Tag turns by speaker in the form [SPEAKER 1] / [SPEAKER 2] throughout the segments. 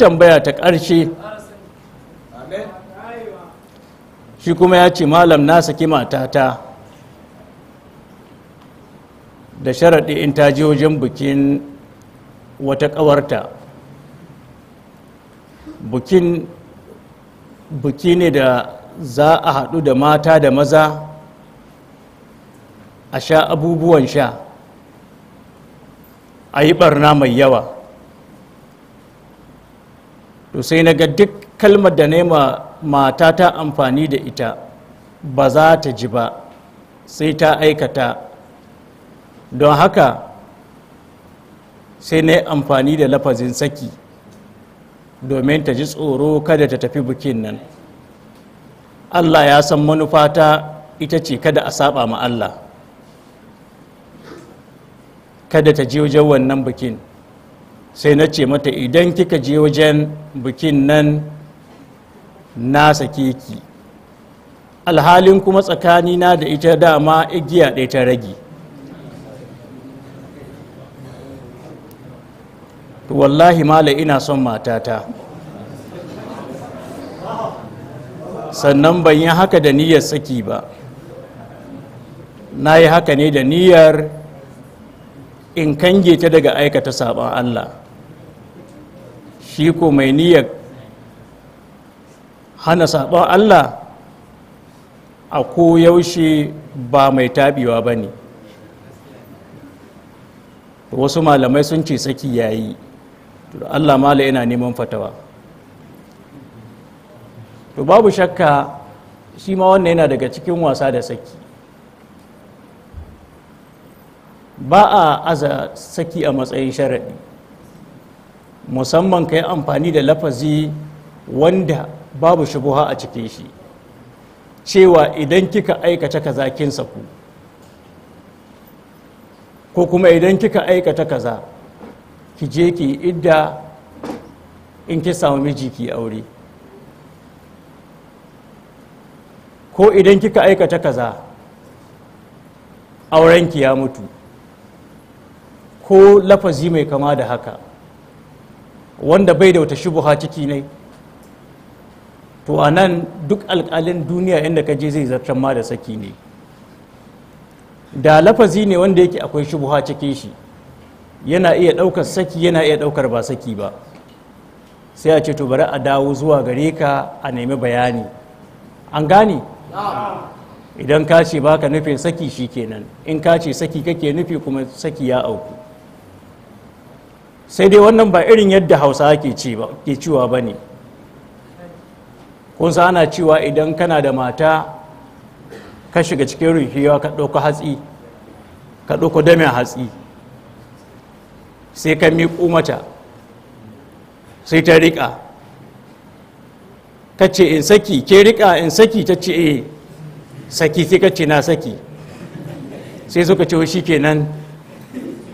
[SPEAKER 1] tambaya ta ƙarshe shi kuma ya ce malam na saki matata da sharaɗi in ta je wajen bikin wata ƙawarta buki ne da za a haɗu da mata da maza a sha abubuwan sha a yi ɓarna mai yawa to sai na ga duk kalmar da nema mata ta amfani da ita ba za ta ji ba sai ta aikata don haka sai na yi amfani da lafazin saki domin ta ji tsoro kada ta tafi bikin nan allah ya san manufata ita ce kada a saba ma allah kada ta ji wajen wannan bikin sai na ce mata idan kika je wajen bikin nan na sake ki alhalin kuma tsakani na da ita dama igiya ɗaya ta rage wallahi mala ina son matata sannan ban yi haka da niyyar saki ba na yi haka ne da niyyar in kange ta daga aikata sabon allah shi ko mai niyyar hana saɓon Allah a koyaushe ba mai taɓewa ba ne wasu malamai sun ce saki yayi Allah mala yana neman fatawa to babu shakka shi ma wannan yana daga cikin wasa da saki ba a aza saki a matsayin sharaɗi musamman ka yi amfani da lafazi wanda babu shubuha a cikin shi cewa idan kika aikata kaza kin saku ko kuma idan kika aikata kaza ki je ki idda in ki samu miji ki aure ko idan kika aikata kaza aurenki ya mutu ko lafazi mai kama da haka wanda bai da wata shubuha ciki ne to a nan duk alkalin duniya inda ka je zai zartar ma da saki ne da lafazi ne wanda yake akwai shubuha cikin shi yana iya ɗaukar saki yana iya ɗaukar ba saki ba sai a ce to bari a dawo zuwa gare ka a nemi bayani an gane idan ka ce baka nufin saki shi kenan in ka ce saki kake nufi kuma saki ya auku sai dai wannan ba irin yadda hausa ke cewa ba ne kun ana cewa idan kana da mata ka shiga cikin ruhiyawa ka ɗauka hatsi ka ɗauka damin hatsi sai ka miƙo mata sai ta riƙa ka ce in saki ke riƙa in saki ta ce eh saki sai ka ce na saki sai suka ce shi kenan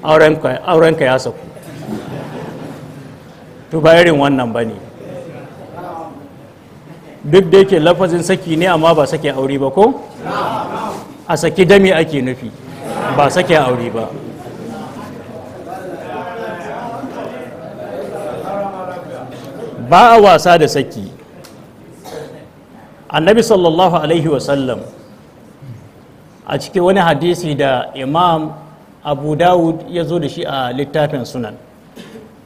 [SPEAKER 1] aurenka ya saku to ba irin wannan ba ne duk da yake lafazin saki ne amma ba sake aure ba ko a saki dami ake nufi ba sake aure ba ba a wasa da saki annabi sallallahu alaihi wasallam a cikin wani hadisi da imam abu dawud ya zo da shi a littafin sunan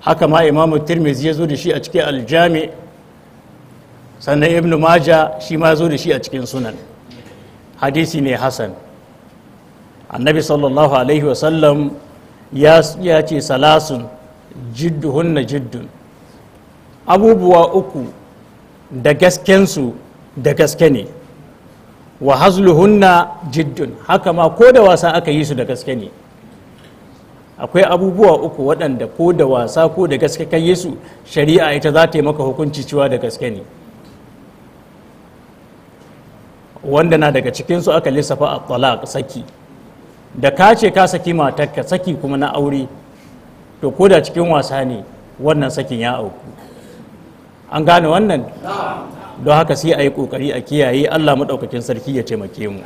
[SPEAKER 1] haka ma imamu tirmizi ya zo da shi a cikin aljami sannan ibnu maja shi ma zo da shi a cikin sunan hadisi ne Hassan. annabi sallallahu alaihi wasallam ya ce salasun jidduhunna jiddun abubuwa uku da gaskensu da gaske ne wa hazluhunna jiddun haka ma ko da wasa aka yi su da gaske ne akwai abubuwa uku waɗanda ko da wasa ko da gaske kan yesu shari'a ita za ta yi maka hukunci cewa da gaske ne wanda na daga cikin su aka lissafa a talaq saki da ka ce ka saki matarka saki kuma na aure to ko da cikin wasa ne wannan sakin ya auku an gane wannan don haka sai a yi ƙoƙari a kiyaye allah maɗaukakin sarki ya taimake mu